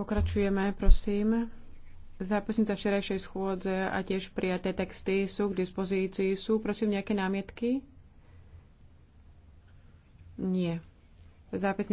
Pokračujeme, prosím. Zápisnica včerajšej schôdze a tiež prijaté texty sú k dispozícii. Sú, prosím, nejaké námietky? Nie. Zápisnica